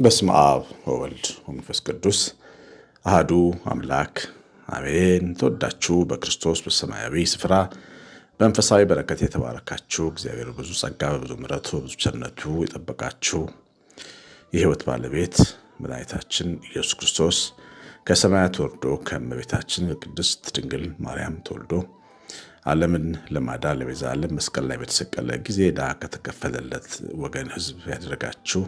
በስመ አብ ወወልድ ወመንፈስ ቅዱስ አህዱ አምላክ አሜን። ተወዳችሁ በክርስቶስ በሰማያዊ ስፍራ በመንፈሳዊ በረከት የተባረካችሁ እግዚአብሔር ብዙ ጸጋ በብዙ ምረቱ ብዙ ቸርነቱ የጠበቃችሁ የህይወት ባለቤት መድኃኒታችን ኢየሱስ ክርስቶስ ከሰማያት ወርዶ ከእመቤታችን ከቅድስት ድንግል ማርያም ተወልዶ ዓለምን ለማዳን ለቤዛ ዓለም መስቀል ላይ በተሰቀለ ጊዜ ዕዳ ከተከፈለለት ወገን ሕዝብ ያደረጋችሁ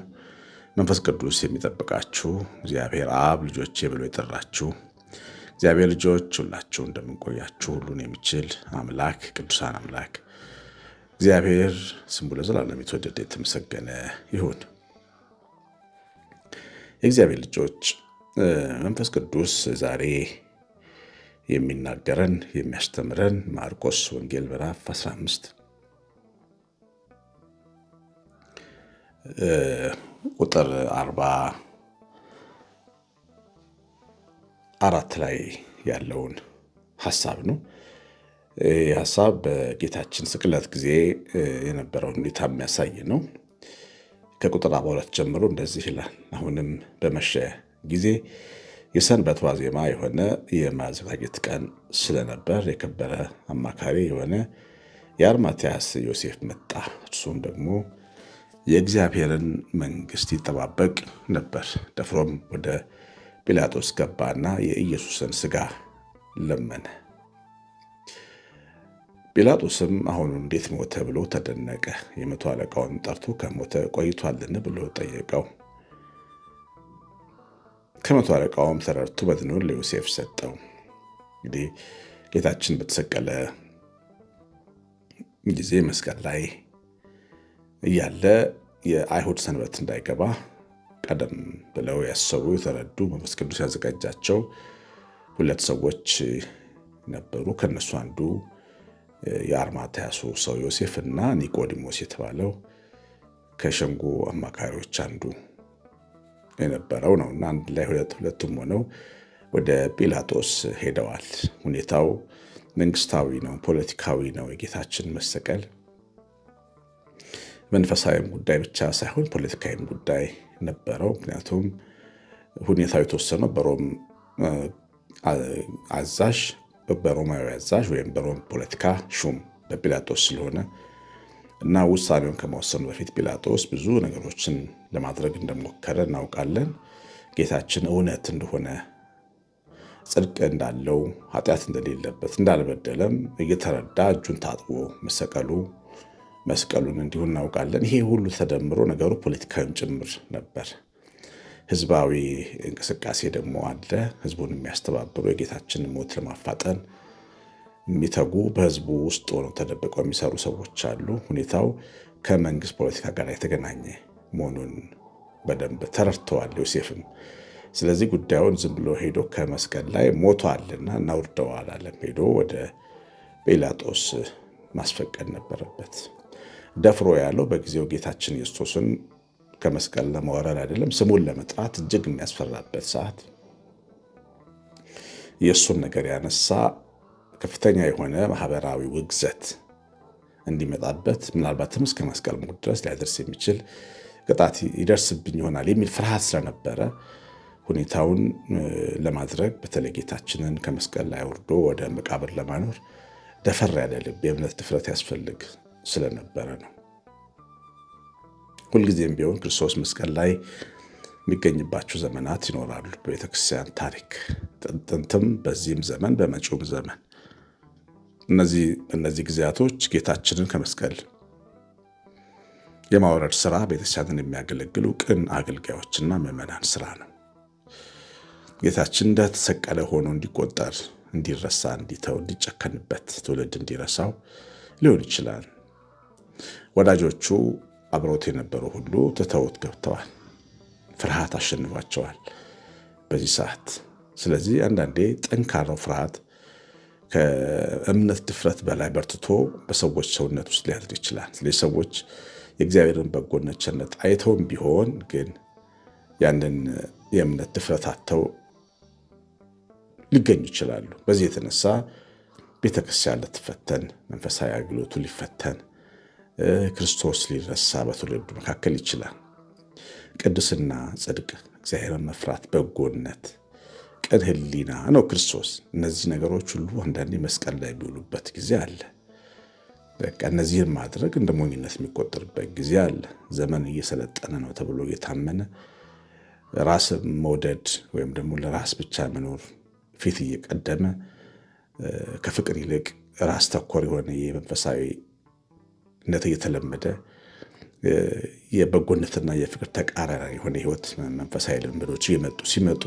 መንፈስ ቅዱስ የሚጠብቃችሁ እግዚአብሔር አብ ልጆቼ ብሎ የጠራችሁ እግዚአብሔር ልጆች ሁላችሁ እንደምንቆያችሁ ሁሉን የሚችል አምላክ ቅዱሳን አምላክ እግዚአብሔር ስሙ ለዘላለም የተወደደ የተመሰገነ ይሁን። የእግዚአብሔር ልጆች መንፈስ ቅዱስ ዛሬ የሚናገረን የሚያስተምረን ማርቆስ ወንጌል ምዕራፍ 15 ቁጥር 44 ላይ ያለውን ሀሳብ ነው። ይህ ሀሳብ በጌታችን ስቅለት ጊዜ የነበረውን ሁኔታ የሚያሳይ ነው። ከቁጥር 42 ጀምሮ እንደዚህ ይላል። አሁንም በመሸ ጊዜ የሰንበት ዋዜማ የሆነ የማዘጋጀት ቀን ስለነበር የከበረ አማካሪ የሆነ የአርማትያስ ዮሴፍ መጣ። እርሱም ደግሞ የእግዚአብሔርን መንግስት ይጠባበቅ ነበር። ደፍሮም ወደ ጲላጦስ ገባና የኢየሱስን ስጋ ለመነ። ጲላጦስም አሁኑ እንዴት ሞተ ብሎ ተደነቀ። የመቶ አለቃውን ጠርቶ ከሞተ ቆይቷልን ብሎ ጠየቀው። ከመቶ አለቃውም ተረድቶ በድኑን ለዮሴፍ ሰጠው። እንግዲህ ጌታችን በተሰቀለ ጊዜ መስቀል ላይ እያለ የአይሁድ ሰንበት እንዳይገባ ቀደም ብለው ያሰቡ የተረዱ መንፈስ ቅዱስ ያዘጋጃቸው ሁለት ሰዎች ነበሩ። ከነሱ አንዱ የአርማትያሱ ሰው ዮሴፍ እና ኒቆዲሞስ የተባለው ከሸንጎ አማካሪዎች አንዱ የነበረው ነው እና አንድ ላይ ሁለቱም ሆነው ወደ ጲላጦስ ሄደዋል። ሁኔታው መንግስታዊ ነው፣ ፖለቲካዊ ነው። የጌታችን መሰቀል መንፈሳዊም ጉዳይ ብቻ ሳይሆን ፖለቲካዊም ጉዳይ ነበረው። ምክንያቱም ሁኔታው የተወሰነው በሮም አዛዥ በሮማዊ አዛዥ ወይም በሮም ፖለቲካ ሹም በጲላጦስ ስለሆነ እና ውሳኔውን ከመወሰኑ በፊት ጲላጦስ ብዙ ነገሮችን ለማድረግ እንደሞከረ እናውቃለን። ጌታችን እውነት እንደሆነ ጽድቅ እንዳለው ኃጢአት እንደሌለበት እንዳልበደለም እየተረዳ እጁን ታጥቦ መሰቀሉ መስቀሉን እንዲሁ እናውቃለን። ይሄ ሁሉ ተደምሮ ነገሩ ፖለቲካዊም ጭምር ነበር። ህዝባዊ እንቅስቃሴ ደግሞ አለ። ህዝቡን የሚያስተባብሩ የጌታችንን ሞት ለማፋጠን የሚተጉ በህዝቡ ውስጥ ሆነው ተደብቀው የሚሰሩ ሰዎች አሉ። ሁኔታው ከመንግስት ፖለቲካ ጋር የተገናኘ መሆኑን በደንብ ተረድተዋል ዮሴፍም። ስለዚህ ጉዳዩን ዝም ብሎ ሄዶ ከመስቀል ላይ ሞቷልና እናውርደዋል አለም። ሄዶ ወደ ጲላጦስ ማስፈቀድ ነበረበት። ደፍሮ ያለው በጊዜው ጌታችን ክርስቶስን ከመስቀል ለማውረድ አይደለም፣ ስሙን ለመጥራት እጅግ የሚያስፈራበት ሰዓት የእሱን ነገር ያነሳ ከፍተኛ የሆነ ማህበራዊ ውግዘት እንዲመጣበት ምናልባትም እስከ መስቀል ሞት ድረስ ሊያደርስ የሚችል ቅጣት ይደርስብኝ ይሆናል የሚል ፍርሃት ስለነበረ ሁኔታውን ለማድረግ በተለይ ጌታችንን ከመስቀል ላይ ወርዶ ወደ መቃብር ለማኖር ደፈር ያለ ልብ የእምነት ድፍረት ያስፈልግ ስለነበረ ነው። ሁልጊዜም ቢሆን ክርስቶስ መስቀል ላይ የሚገኝባቸው ዘመናት ይኖራሉ በቤተክርስቲያን ታሪክ ጥንትም፣ በዚህም ዘመን በመጪውም ዘመን እነዚህ እነዚህ ጊዜያቶች ጌታችንን ከመስቀል የማውረድ ስራ ቤተክርስቲያንን የሚያገለግሉ ቅን አገልጋዮችና ምዕመናን ስራ ነው። ጌታችን እንደተሰቀለ ሆኖ እንዲቆጠር፣ እንዲረሳ፣ እንዲተው፣ እንዲጨከንበት ትውልድ እንዲረሳው ሊሆን ይችላል። ወዳጆቹ አብረውት የነበሩ ሁሉ ትተውት ገብተዋል። ፍርሃት አሸንፏቸዋል በዚህ ሰዓት። ስለዚህ አንዳንዴ ጠንካራው ፍርሃት ከእምነት ድፍረት በላይ በርትቶ በሰዎች ሰውነት ውስጥ ሊያድር ይችላል። ስለዚህ ሰዎች የእግዚአብሔርን በጎነት፣ ቸርነት አይተውም ቢሆን ግን ያንን የእምነት ድፍረት አጥተው ሊገኙ ይችላሉ። በዚህ የተነሳ ቤተክርስቲያን ልትፈተን፣ መንፈሳዊ አገልግሎቱ ሊፈተን፣ ክርስቶስ ሊረሳ በትውልዱ መካከል ይችላል። ቅድስና፣ ጽድቅ፣ እግዚአብሔርን መፍራት፣ በጎነት ፍቅር፣ ህሊና ነው ክርስቶስ። እነዚህ ነገሮች ሁሉ አንዳንዴ መስቀል ላይ የሚውሉበት ጊዜ አለ። በቃ እነዚህን ማድረግ እንደ ሞኝነት የሚቆጠርበት ጊዜ አለ። ዘመን እየሰለጠነ ነው ተብሎ እየታመነ ራስ መውደድ ወይም ደግሞ ለራስ ብቻ መኖር ፊት እየቀደመ ከፍቅር ይልቅ ራስ ተኮር የሆነ የመንፈሳዊነት እየተለመደ የበጎነትና የፍቅር ተቃራኒ የሆነ ህይወት መንፈሳዊ ልምዶች እየመጡ ሲመጡ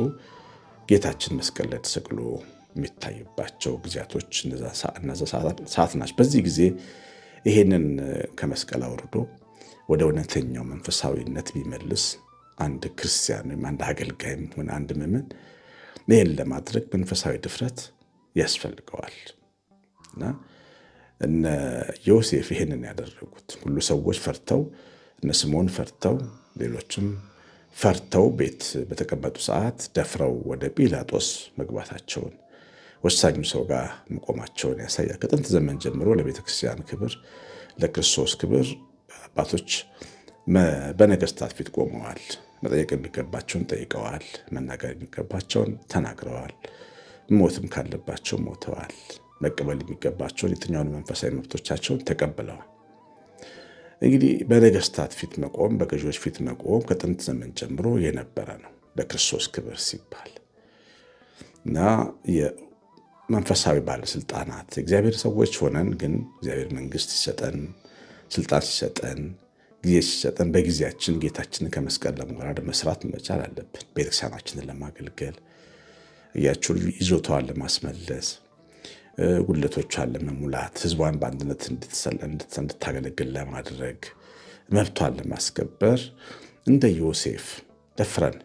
ጌታችን መስቀል ላይ ተሰቅሎ የሚታይባቸው ጊዜያቶች እነዛ ሰዓት ናቸው። በዚህ ጊዜ ይሄንን ከመስቀል አውርዶ ወደ እውነተኛው መንፈሳዊነት ቢመልስ አንድ ክርስቲያን ወይም አንድ አገልጋይም ሆነ አንድ ምዕመን ይህን ለማድረግ መንፈሳዊ ድፍረት ያስፈልገዋል እና እነ ዮሴፍ ይህንን ያደረጉት ሁሉ ሰዎች ፈርተው፣ እነ ስምዖን ፈርተው፣ ሌሎችም ፈርተው ቤት በተቀመጡ ሰዓት ደፍረው ወደ ጲላጦስ መግባታቸውን ወሳኙ ሰው ጋር መቆማቸውን ያሳያል። ከጥንት ዘመን ጀምሮ ለቤተ ክርስቲያን ክብር፣ ለክርስቶስ ክብር አባቶች በነገስታት ፊት ቆመዋል። መጠየቅ የሚገባቸውን ጠይቀዋል። መናገር የሚገባቸውን ተናግረዋል። ሞትም ካለባቸው ሞተዋል። መቀበል የሚገባቸውን የትኛውን መንፈሳዊ መብቶቻቸውን ተቀብለዋል። እንግዲህ በነገስታት ፊት መቆም፣ በገዢዎች ፊት መቆም ከጥንት ዘመን ጀምሮ የነበረ ነው ለክርስቶስ ክብር ሲባል እና የመንፈሳዊ ባለስልጣናት እግዚአብሔር ሰዎች ሆነን ግን እግዚአብሔር መንግስት ሲሰጠን ስልጣን ሲሰጠን ጊዜ ሲሰጠን በጊዜያችን ጌታችንን ከመስቀል ለመውረድ መስራት መቻል አለብን። ቤተክርስቲያናችንን ለማገልገል እያችሁ ይዞታዋን ለማስመለስ አለ ለመሙላት ህዝቧን በአንድነት እንድታገለግል ለማድረግ መብቷን ለማስከበር እንደ ዮሴፍ ደፍረን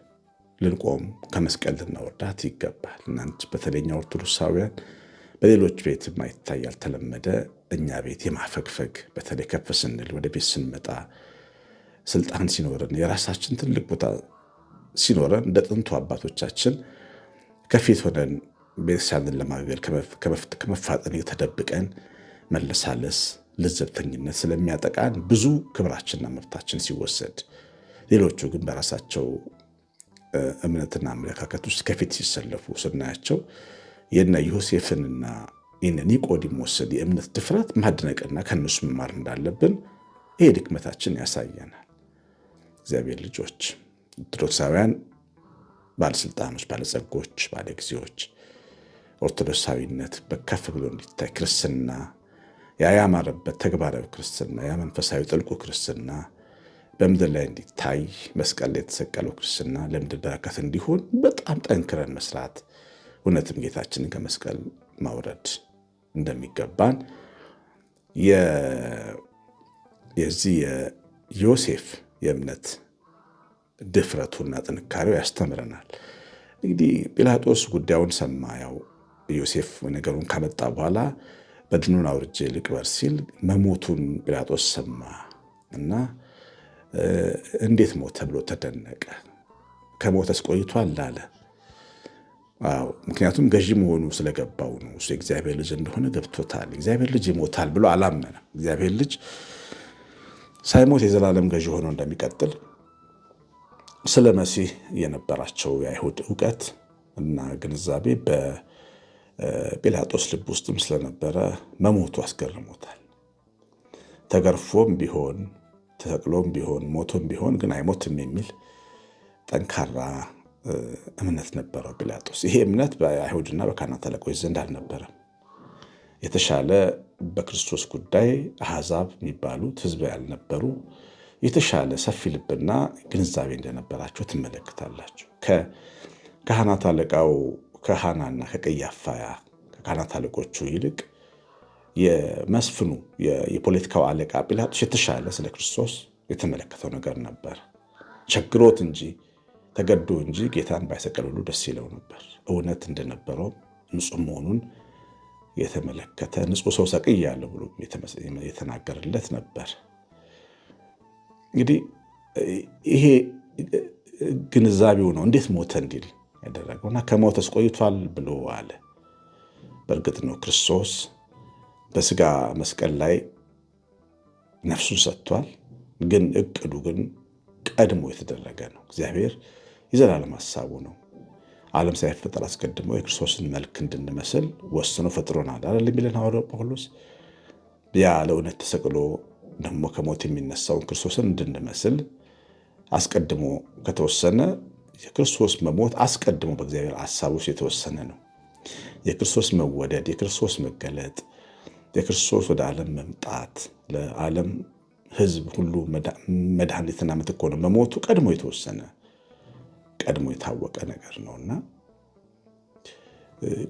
ልንቆም ከመስቀል ልናወርዳት ይገባል። እናንት በተለይኛ ኦርቶዶክሳውያን በሌሎች ቤት ማይታይ ያልተለመደ እኛ ቤት የማፈግፈግ በተለይ ከፍ ስንል ወደ ቤት ስንመጣ ስልጣን ሲኖረን የራሳችን ትልቅ ቦታ ሲኖረን እንደ ጥንቱ አባቶቻችን ከፊት ሆነን ቤተሰብን ለማገልገል ከመፋጠን የተደብቀን መለሳለስ፣ ልዘብተኝነት ስለሚያጠቃን ብዙ ክብራችንና መብታችን ሲወሰድ፣ ሌሎቹ ግን በራሳቸው እምነትና አመለካከት ውስጥ ከፊት ሲሰለፉ ስናያቸው የነ ዮሴፍንና ይህን ኒቆዲሞስን የእምነት ድፍረት ማድነቅና ከእነሱ መማር እንዳለብን ይሄ ድክመታችን ያሳየናል። እግዚአብሔር ልጆች ኦርቶዶክሳውያን ባለስልጣኖች፣ ባለጸጎች፣ ባለጊዜዎች ኦርቶዶክሳዊነት በከፍ ብሎ እንዲታይ ክርስትና ያ ያማረበት ተግባራዊ ክርስትና ያ መንፈሳዊ ጥልቁ ክርስትና በምድር ላይ እንዲታይ መስቀል ላይ የተሰቀለው ክርስትና ለምድር በረከት እንዲሆን በጣም ጠንክረን መስራት እውነትም ጌታችንን ከመስቀል ማውረድ እንደሚገባን የዚህ የዮሴፍ የእምነት ድፍረቱና ጥንካሬው ያስተምረናል። እንግዲህ ጲላጦስ ጉዳዩን ሰማ። ያው ዮሴፍ ነገሩን ካመጣ በኋላ በድኑን አውርጄ ልቅበር ሲል መሞቱን ጲላጦስ ሰማ እና እንዴት ሞት ተብሎ ተደነቀ። ከሞተስ ቆይቷል አለ። ምክንያቱም ገዢ መሆኑ ስለገባው ነው። እሱ የእግዚአብሔር ልጅ እንደሆነ ገብቶታል። እግዚአብሔር ልጅ ይሞታል ብሎ አላመነም። እግዚአብሔር ልጅ ሳይሞት የዘላለም ገዢ ሆኖ እንደሚቀጥል ስለ መሲህ የነበራቸው የአይሁድ እውቀት እና ግንዛቤ ጲላጦስ ልብ ውስጥም ስለነበረ መሞቱ አስገርሞታል። ተገርፎም ቢሆን ተሰቅሎም ቢሆን ሞቶም ቢሆን ግን አይሞትም የሚል ጠንካራ እምነት ነበረው ጲላጦስ። ይሄ እምነት በአይሁድና በካህናት አለቆች ዘንድ አልነበረም። የተሻለ በክርስቶስ ጉዳይ አሕዛብ የሚባሉት ሕዝብ ያልነበሩ የተሻለ ሰፊ ልብና ግንዛቤ እንደነበራቸው ትመለከታላቸው። ከካህናት አለቃው ከሃናና ከቀያፋ ከካህናት አለቆቹ ይልቅ የመስፍኑ የፖለቲካው አለቃ ጲላጦስ የተሻለ ስለ ክርስቶስ የተመለከተው ነገር ነበር። ቸግሮት እንጂ ተገዶ እንጂ ጌታን ባይሰቀል ሁሉ ደስ ይለው ነበር። እውነት እንደነበረው ንጹህ መሆኑን የተመለከተ ንጹህ ሰው ያለ ብሎ የተናገረለት ነበር። እንግዲህ ይሄ ግንዛቤው ነው። እንዴት ሞተ እንዲል ያደረገውና ከሞት አስቆይቷል ብሎ አለ። በእርግጥ ነው ክርስቶስ በስጋ መስቀል ላይ ነፍሱን ሰጥቷል። ግን እቅዱ ግን ቀድሞ የተደረገ ነው። እግዚአብሔር የዘላለም ሀሳቡ ነው። ዓለም ሳይፈጠር አስቀድሞ የክርስቶስን መልክ እንድንመስል ወስኖ ፈጥሮናል አለ የሚለን ሐዋርያው ጳውሎስ ያ ለእውነት ተሰቅሎ ደግሞ ከሞት የሚነሳውን ክርስቶስን እንድንመስል አስቀድሞ ከተወሰነ የክርስቶስ መሞት አስቀድሞ በእግዚአብሔር ሀሳብ ውስጥ የተወሰነ ነው። የክርስቶስ መወደድ፣ የክርስቶስ መገለጥ፣ የክርስቶስ ወደ ዓለም መምጣት ለዓለም ሕዝብ ሁሉ መድኃኒትና ምትክ ሆኖ መሞቱ ቀድሞ የተወሰነ ቀድሞ የታወቀ ነገር እና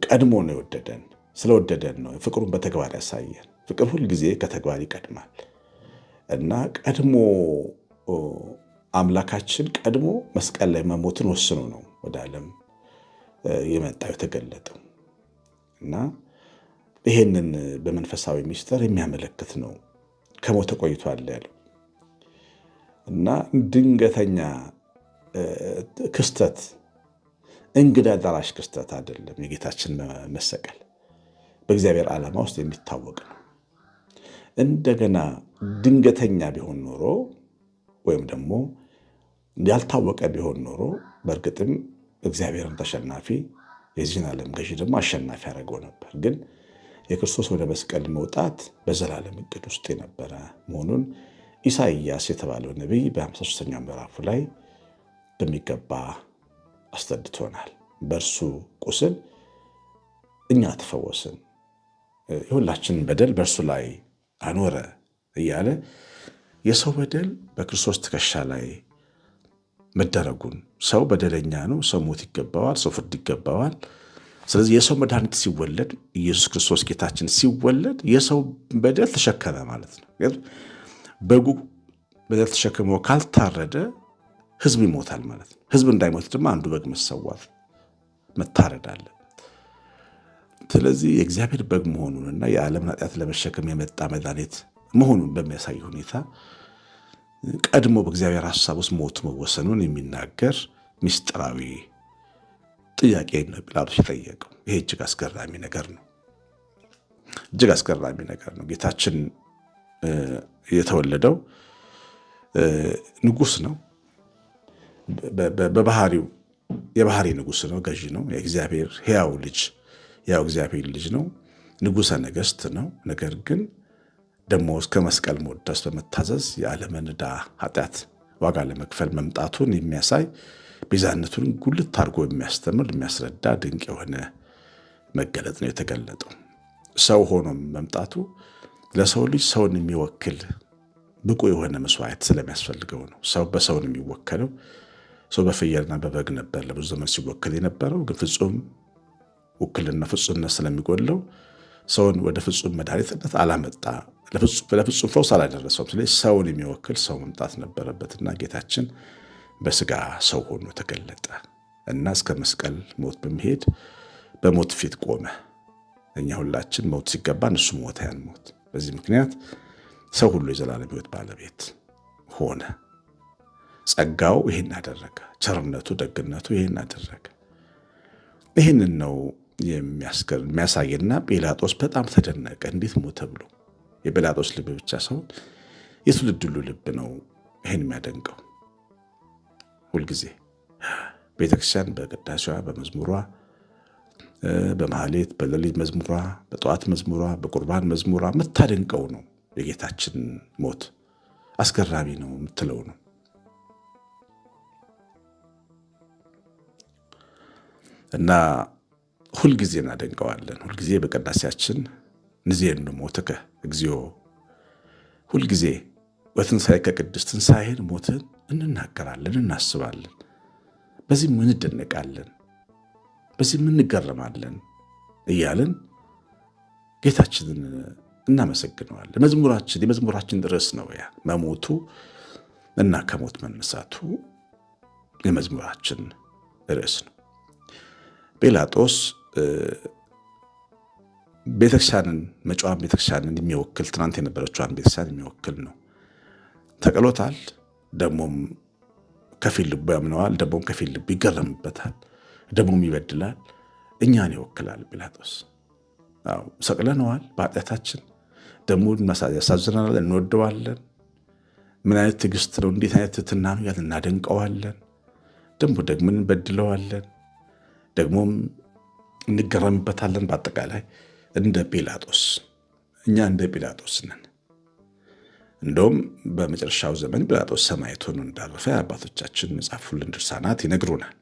ቀድሞ ነው የወደደን። ስለወደደን ነው ፍቅሩን በተግባር ያሳየን። ፍቅር ሁልጊዜ ከተግባር ይቀድማል እና ቀድሞ አምላካችን ቀድሞ መስቀል ላይ መሞትን ወስኖ ነው ወደ ዓለም የመጣው የተገለጠው እና ይሄንን በመንፈሳዊ ሚስጥር የሚያመለክት ነው። ከሞተ ቆይቷል ያለው እና ድንገተኛ ክስተት፣ እንግዳ ደራሽ ክስተት አይደለም። የጌታችን መሰቀል በእግዚአብሔር ዓላማ ውስጥ የሚታወቅ ነው። እንደገና ድንገተኛ ቢሆን ኖሮ ወይም ደግሞ ያልታወቀ ቢሆን ኖሮ በእርግጥም እግዚአብሔርን ተሸናፊ የዚህን ዓለም ገዢ ደግሞ አሸናፊ ያደረገው ነበር። ግን የክርስቶስ ወደ መስቀል መውጣት በዘላለም እቅድ ውስጥ የነበረ መሆኑን ኢሳይያስ የተባለው ነቢይ በ53ኛው ምዕራፉ ላይ በሚገባ አስረድቶናል። በእርሱ ቁስል እኛ ተፈወስን፣ የሁላችንን በደል በእርሱ ላይ አኖረ እያለ የሰው በደል በክርስቶስ ትከሻ ላይ መደረጉን ሰው በደለኛ ነው። ሰው ሞት ይገባዋል። ሰው ፍርድ ይገባዋል። ስለዚህ የሰው መድኃኒት ሲወለድ ኢየሱስ ክርስቶስ ጌታችን ሲወለድ የሰው በደል ተሸከመ ማለት ነው። በጉ በደል ተሸክሞ ካልታረደ ሕዝብ ይሞታል ማለት ነው። ሕዝብ እንዳይሞት ድማ አንዱ በግ መሰዋት መታረድ አለ። ስለዚህ የእግዚአብሔር በግ መሆኑንና የዓለምን ኃጢአት ለመሸከም የመጣ መድኃኒት መሆኑን በሚያሳይ ሁኔታ ቀድሞ በእግዚአብሔር ሀሳብ ውስጥ ሞት መወሰኑን የሚናገር ምስጢራዊ ጥያቄ ነው ጲላጦስ የጠየቀው። ይሄ እጅግ አስገራሚ ነገር ነው። እጅግ አስገራሚ ነገር ነው። ጌታችን የተወለደው ንጉስ ነው። በባህሪው የባህሪ ንጉስ ነው፣ ገዢ ነው። የእግዚአብሔር ሕያው ልጅ ያው እግዚአብሔር ልጅ ነው፣ ንጉሰ ነገስት ነው። ነገር ግን ደግሞ እስከ መስቀል ሞት ድረስ በመታዘዝ የዓለምን ዕዳ ኃጢአት ዋጋ ለመክፈል መምጣቱን የሚያሳይ ቤዛነቱን ጉልት አድርጎ የሚያስተምር የሚያስረዳ ድንቅ የሆነ መገለጥ ነው የተገለጠው። ሰው ሆኖ መምጣቱ ለሰው ልጅ ሰውን የሚወክል ብቁ የሆነ መስዋዕት ስለሚያስፈልገው ነው። ሰው በሰውን የሚወከለው ሰው በፍየልና በበግ ነበር ለብዙ ዘመን ሲወክል የነበረው። ግን ፍጹም ውክልና ፍጹምነት ስለሚጎለው ሰውን ወደ ፍጹም መድኃኒትነት አላመጣ ለፍጹም ፈውስ አላደረሰውም። ስለዚህ ሰውን የሚወክል ሰው መምጣት ነበረበትና ጌታችን በስጋ ሰው ሆኖ ተገለጠ እና እስከ መስቀል ሞት በመሄድ በሞት ፊት ቆመ። እኛ ሁላችን ሞት ሲገባ እሱ ሞተ ያን ሞት። በዚህ ምክንያት ሰው ሁሉ የዘላለም ሕይወት ባለቤት ሆነ። ጸጋው ይህን አደረገ። ቸርነቱ፣ ደግነቱ ይህን አደረገ። ይህንን ነው የሚያሳይና ጲላጦስ በጣም ተደነቀ። እንዴት ሞተ ብሎ የጲላጦስ ልብ ብቻ ሳይሆን የትውልድ ሁሉ ልብ ነው ይህን የሚያደንቀው። ሁልጊዜ ቤተክርስቲያን በቅዳሴዋ፣ በመዝሙሯ፣ በማህሌት፣ በሌሊት መዝሙሯ፣ በጠዋት መዝሙሯ፣ በቁርባን መዝሙሯ የምታደንቀው ነው የጌታችን ሞት አስገራሚ ነው የምትለው ነው። እና ሁልጊዜ እናደንቀዋለን። ሁልጊዜ በቅዳሴያችን ንዜኑ ሞትከ እግዚኦ። ሁልጊዜ በትንሣኤ ከቅዱስ ትንሣኤን ሞትን እንናገራለን፣ እናስባለን። በዚህም እንደነቃለን፣ በዚህም እንገረማለን እያልን ጌታችንን እናመሰግነዋለን። መዝሙራችን የመዝሙራችን ርዕስ ነው ያ መሞቱ እና ከሞት መነሳቱ የመዝሙራችን ርዕስ ነው። ጲላጦስ ቤተክርስቲያንን መጫዋን ቤተክርስቲያንን የሚወክል ትናንት የነበረችዋን ቤተክርስቲያን የሚወክል ነው። ተቅሎታል። ደግሞም ከፊል ልቡ ያምነዋል፣ ደግሞም ከፊል ልቡ ይገረምበታል፣ ደግሞም ይበድላል። እኛን ይወክላል ጲላጦስ። ሰቅለነዋል በኃጢአታችን፣ ደግሞ ያሳዝናል፣ እንወደዋለን። ምን አይነት ትዕግስት ነው፣ እንዴት አይነት ትህትና ነው ያል እናደንቀዋለን፣ ደግሞ ደግሞም እንበድለዋለን፣ ደግሞም እንገረምበታለን። በአጠቃላይ እንደ ጲላጦስ እኛ እንደ ጲላጦስ ነን። እንደውም በመጨረሻው ዘመን ጲላጦስ ሰማዕት ሆኖ እንዳረፈ አባቶቻችን መጻፉልን ድርሳናት ይነግሩናል።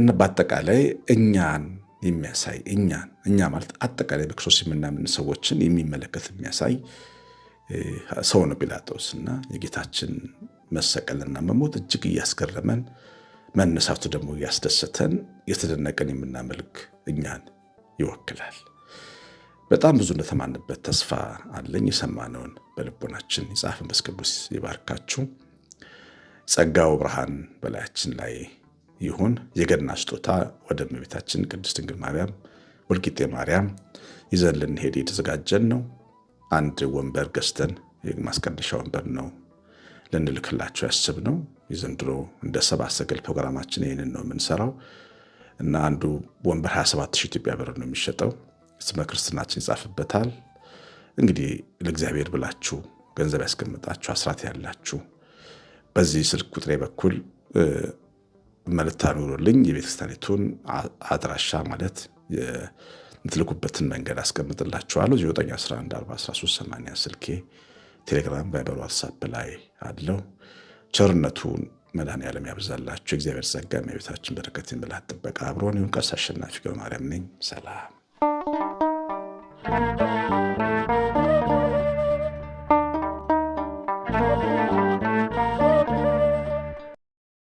እና በአጠቃላይ እኛን የሚያሳይ እኛን እኛ ማለት አጠቃላይ በክርስቶስ የምናምን ሰዎችን የሚመለከት የሚያሳይ ሰው ነው ጲላጦስ እና የጌታችን መሰቀልና መሞት እጅግ እያስገረመን መነሳቱ ደግሞ እያስደሰተን የተደነቀን የምናመልክ እኛን ይወክላል። በጣም ብዙ እንደተማንበት ተስፋ አለኝ። የሰማነውን በልቦናችን ይጻፍ። መንፈስ ቅዱስ ይባርካችሁ። ጸጋው ብርሃን በላያችን ላይ ይሁን። የገና ስጦታ ወደ እመቤታችን ቅድስት ድንግል ማርያም ወልቂጤ ማርያም ይዘን ልንሄድ የተዘጋጀን ነው። አንድ ወንበር ገዝተን የማስቀደሻ ወንበር ነው ልንልክላቸው ያስብ ነው። የዘንድሮ እንደ ሰብአ ሰገል ፕሮግራማችን ይህንን ነው የምንሰራው። እና አንዱ ወንበር 27 ኢትዮጵያ ብር ነው የሚሸጠው። ስመ ክርስትናችን ይጻፍበታል። እንግዲህ ለእግዚአብሔር ብላችሁ ገንዘብ ያስቀምጣችሁ አስራት ያላችሁ በዚህ ስልክ ቁጥሬ በኩል መልእክት አኑሩልኝ። የቤተክርስቲያኒቱን አድራሻ ማለት የምትልኩበትን መንገድ አስቀምጥላችኋለሁ። 9114138 ስልኬ፣ ቴሌግራም፣ ቫይበር፣ ዋትሳፕ ላይ አለው። ቸርነቱን መድኃኔዓለም ያብዛላችሁ። እግዚአብሔር ጸጋ የቤታችን በረከት የምልሃት ጥበቃ አብሮን ይሁን። ቀሲስ አሸናፊ ማርያም ነኝ። ሰላም